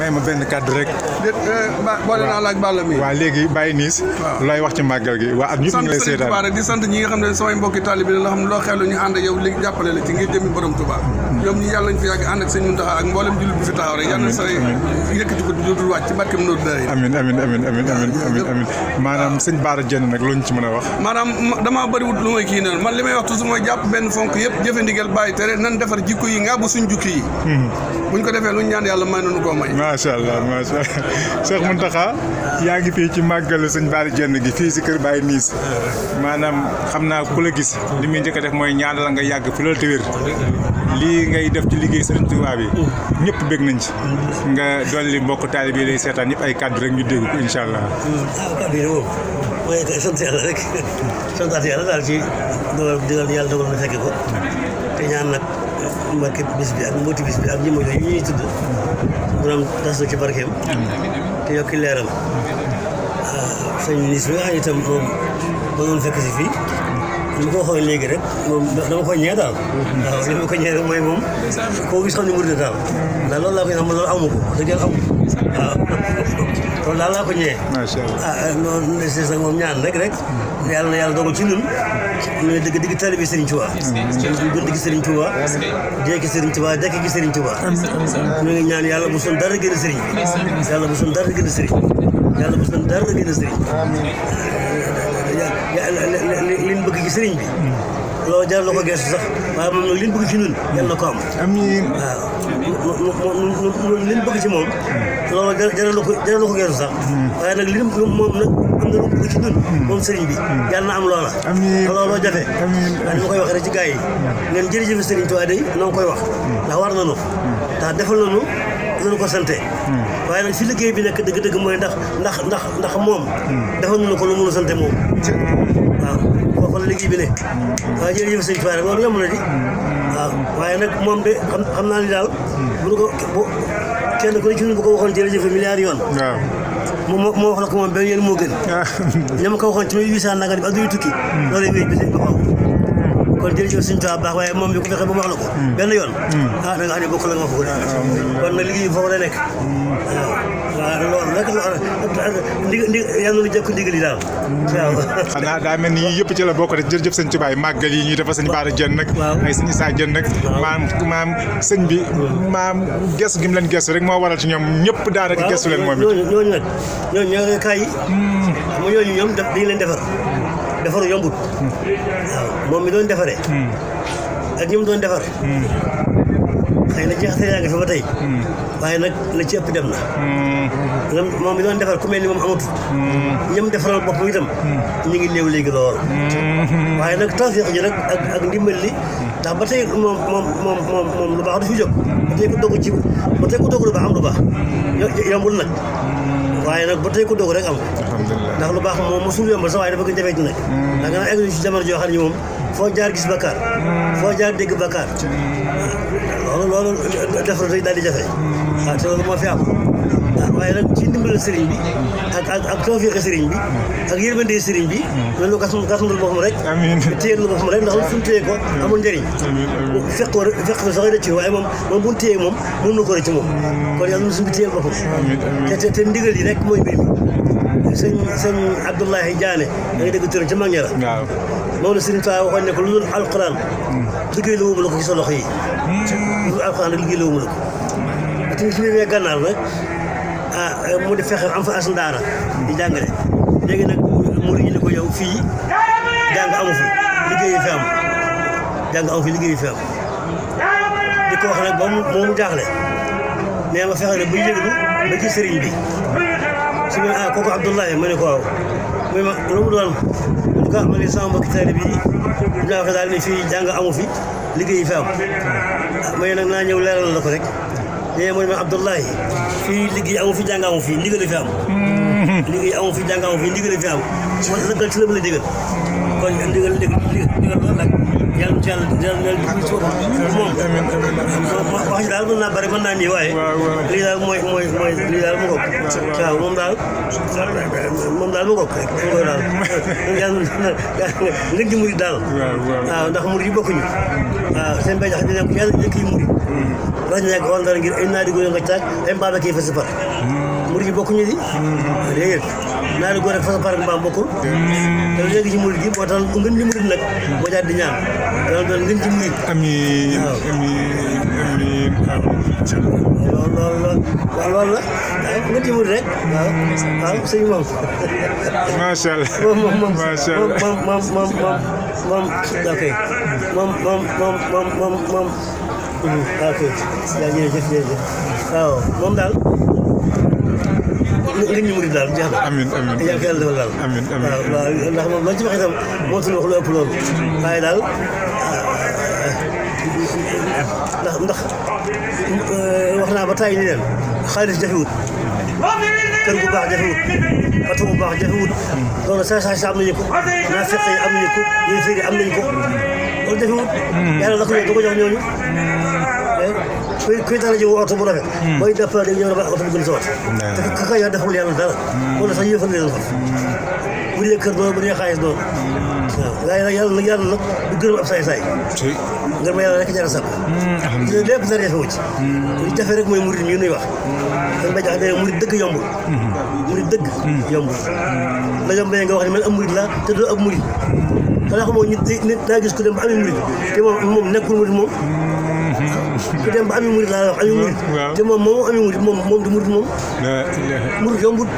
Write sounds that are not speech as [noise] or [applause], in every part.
may ma benn kàddu rek. Euh, boole naa la ak Balla mi. waaw léegi Baye ñu ngi mën a wax. maanaam damaa bëriwut lu may kii noonu man li may wax toujours mooy jàpp benn fonk yëpp jëfe ndigal bàyyi tere nan defar jikko yi nga bu suñ jukki yi hmm. buñ ko defee luñ ñaan yàlla may nañu koo may macha allah macha allah Cheikh Mountakha yaa ngi fii ci màggalu sëñ Baali Jenn gi fii si kër Baye Niis maanaam xam ku la gis li muy def mooy ñaanal nga Enggak fi loolu te wér ngay def ci liggéey sëriñ bi nañ ci nga allah. Ah, rek [laughs] te ñaan nag uh, mbarke bis bi ak mbooti bis bi ak jëmm yooyu ñuy tudd tas na ci barkeem te yokki leeram uh, sëñ ministre bi nga xam itam moom ma doon fekk si fii li ko waxoon léegi rek moom dama ko ñee daal waaw li ko ñee rek mooy moom koo gis xam ne murid daal ndax loolu laa koy xam loolu amu ko dëgg amu ko waaw [laughs] loolu daal laa ko ñëwee. macha allah ah ñaan rek rek. yàlla na yàlla dogal ci ñun. am nañu dëgg dëgg taalibe Serigne Touba. ñu gën di gis Serigne Touba. jekki Serigne Touba jekki gi Serigne ñaan yàlla bu son dara gën a Serigne bi. yàlla bu son dara gën a bi. loolu jar na ko gëstu sax waaye moom nag li ñu bëgg yal na ko am. amiin moom li ñu bëgg ci moom. loolu jar jar na ko jar na ko gëstu waaye nag li moom nag am na lu mu moom sëriñ bi yal na am loola. amiin te looloo jafe. amiin waaye koy waxee rek ci gars yi. Mm. ngeen jërëjëf sëriñ Tuubaa koy wax. ndax war nañu. ndax defal nañu. nunu ko sante waaye nag fi liggéey bi nekk dëgg-dëgg mooy ndax ndax ndax ndax moom dafa nunu ko lu mënu sante moom waaw foofu bi ne waaw jërëjëf sëñ Tuubaa loolu yomb na waaye nag moom de xam naa ni daal bunu ko kenn ku ne ci ñun bu ko waxoon jërëjëf milliards yoon moo moo wax la ko moom benn yéen moo gën [laughs] ña ma ko waxoon ci muy huit cent nangam bi ak duñu tukki hmm. loolu wéy bi sëñ ba kon jërëjëf suñu tubaab baax waaye moom mi ko fexe ba mu wax la ko mm. benn yoon mm. ah da nga xam ne bokk la nga foog kon nag liggéey la nekk mm. ah, waaw loolu nag jëkk ndigal yi daal waaw [laughs] xanaa daa mel ni yëpp ci la bokk rek jërëjëf sëñ Tuubaa màggal yi ñuy defal sëñ Baara Jën nag ay sëñ Isaa Jën nag maam maam sëñ bi maam gestu gi mu leen gestu rek moo waral ci ñoom ñëpp daanaka gestu leen moom it ñooñu nag ñooñu ñoo ngi mu ñooñu ñoom dañu leen defar defaru yombut hmm. moom mi doon defare hmm. ak ñi doon defar hmm. xëy na jeexte yaa ngi fi tey waaye nag la ci dem na moom mi doon defar ku mel ni moom amatul ñoom defaral bopp itam ñu ngi néew léegi lool waaye nag tawfiix ji nag ak ndimbal li ndax ba tey moom moom moom moom moom lu baax du fi jóg tey ku dogg ci ba tey ku dogg lu baax am lu yombul nag waaye nag ba tey ko doog rek am ndax lu baax moom mosul yombal sax waaye dafa gën jafee ci nekk ndax hmm. nga egg ci jamono joo xam ne moom foo jaar gis bakkaar hmm. foo jaar dégg bakkaar hmm. loolu loolu def rek daal di jafe waaw moo fi am waaye nag ci ndimbal sëriñ bi ak ak ak tawfiq sëriñ bi ak yërmande sëriñ bi loolu gasum gasumul boppam rek téyel boppam rek ndax suñu téyee ko amul njëriñ fekk ko fekk ko sax rëcc waaye moom moom bu téyee moom mën na ko rëcc moom kon yàlla na suñu téyel boppam te te ndigal yi rek mooy mbir mi sëñ sëñ Abdoulaye Diané da nga dégg turam ca mag ña la moom la sëriñ Tuubaa waxoon ne ko lu dul alquran liggéey la wuma la ko ci sa loxo yi lu dul alquran liggéey la wuma la ko te suñu nee gànnaar nag Ah, mu di fexe am fa asu daara di jàngale léegi nag murid yi ko yow fii jàng amu fi liggéey fi am liggéey fi am di ko wax nag ba mu jaaxle nee ma fexe ne buy yëglu ba ci sëriñ bi su ma ah kooku Abdoulaye ma ko waaw muy ma lu mu doon en tout cas ma ne bi dinaa jàng amu fi liggéey fi am ah, may nag naa ñëw leeral la ko rek nee mu ne ma Abdoulaye fii liggéey amu fi jàng amu fi ndigal fi am liggéey amu fi jàng amu fi ndigal fi am moo tax nag ci la mën a déggal kon ndigal dégg ndigal loolu nag yàlla ci yàlla yàlla dugg ci boppam moom wax daal mën naa bëri mën naa nii waaye lii daal mooy mooy mooy lii daal mu gokk waaw moom daal moom daal mu gokk rek ko daal nga di murid daal waaw ndax murid yi bokkuñu waaw seen bay jax dina ko yàlla njëkk yi murid rañ ne gondar ngir en naati goo yo taaj en mbaɓe ke fasi par murid bokkuñu di mm-hmm. dégg naati goo rek fasa par ak mbaam bokkul mm-hmm. te léegi ci murid gi moo tax ngën ci murid nag moo jaar di ñaan dana doon ngën ci murid amiin amiin amiin lool lool lool waaw loolu la ngën ci murid rek waaw waaw sëñ moom macha allah moom moom moom moom moom moom moom moom moom moom moom moom ok jërëjëf jërëjëf waaw moom daal ngeen ñu murid daal jeex na. amiin amiin yàlla yàlla defal daal. amiin amiin waaw waaw ndax moom loo ci wax itam moo tudd wax lu ëpp loolu waaye daal ndax ndax wax naa ba tàyyi ni leen خالد جهود كركو باع جهود فتو باع جحود دولة ساسة حسا عمليكو نافقي عمليكو ينفيري عمليكو جهود يعني لكم يتوقع جحود كيدا نجي وأطب ربع وإذا فاد يجي ربع أطب كل زوج كاكا يدخل لي على البلد نعم. ولا صيف اللي يدخل ولي كردون ولي خايس دون لا يلا يلا بقرب أبساي ساي غير ما يلا لك جالس أبا لا بزر يفوج يتفرق ما يمر ميوني واحد لما جاء هذا يمر الدق يمر يمر الدق يمر لا يوم بينك واحد من أمر الله تدل أمري kala xamoo nit nit daa gis ku dem ba amee murid te moom moom nekkul murid moom ku [laughs] dem ba ami murit laa wax ami murit te moom moom ami murit moom moom du murit moom murit yombut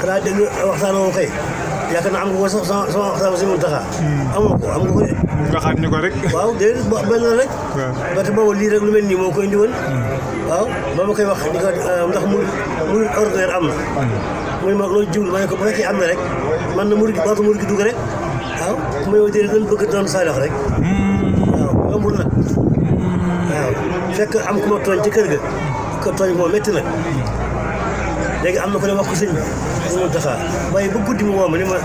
xanaa hmm. dégg waxtaan moom kay yaakaar naa am nga ko sax sama waxtaan ba si mun taxaa hmm. amoo ko am nga ko de waxaat ñu ko rek waaw déedéet benn la rek ba te booba lii rek lu mel nii moo koy indi woon hmm. waaw moo ma koy wax ni ko euh, ndax murit murit ordinaire am na muy ma loolu jiwlu ma ne ko bu fekkee am na rek man na murit baatu murit dugg rek waaw su ma yow déedéet dañ bëgg doon saalox rek waaw yombul nag fekk am ku ma tooñ ci kër ko tooñ ko métti nag am na ko ne wax ko sëñ bi mu taxaa bu guddi mu woo ma ni ma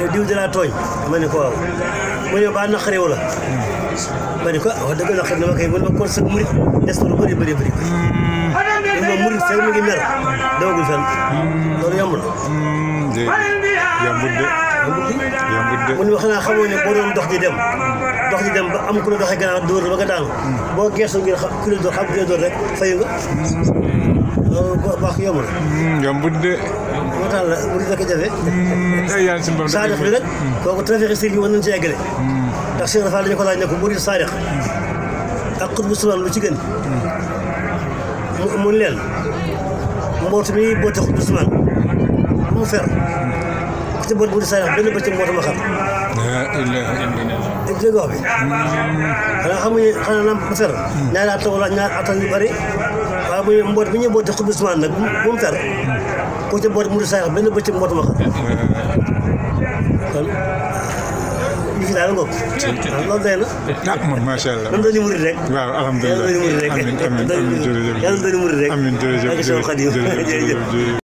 eh, diw dinaa tooñ ma ko waaw mu ne ba naqareew la ma ne ko ah, wax na ma koy mu ne ma kon sa murit des na lu bëri bëri bëri mu ngi mer dawagul fenn loolu yomb na yambut de yambut ne ma xanaa xamoo dox di dem dox di dem ba am ku la a gannaaw ba nga boo geesoo ngir xam ku la dóor xam ku la dóor rek fayu nga loolu baax yomb na hmm, yombut de moo tax la bu hmm, hmm. kooku trafiqi sëriñ war nañ ci eggale ndax seen rafet dañu ko laaj ne ko ak xut bu lu ci gën mun leen mboot boote xut bu suman mu fer ci bët bu di sayam benn bëccëg moo tax ma xam. dégg nga wax bi. xanaa xamuñu xanaa na mu fer. Hmm. ñaari at wala ñaari at yu bëri waaye bu ñuy mboot bi ñuy mboot xub bi sumaan nag bu mu fer hmm. ku ci boot mu di sayam benn bëccëg moo tax ma xam. kon li ah, fi daal ngoog. Ah, loolu day na. ah man macha allah. lan doon murid rek. waaw alhamdulilah amiin amiin jërëjëf yàlla doon murid rek. amiin jërëjëf jërëjëf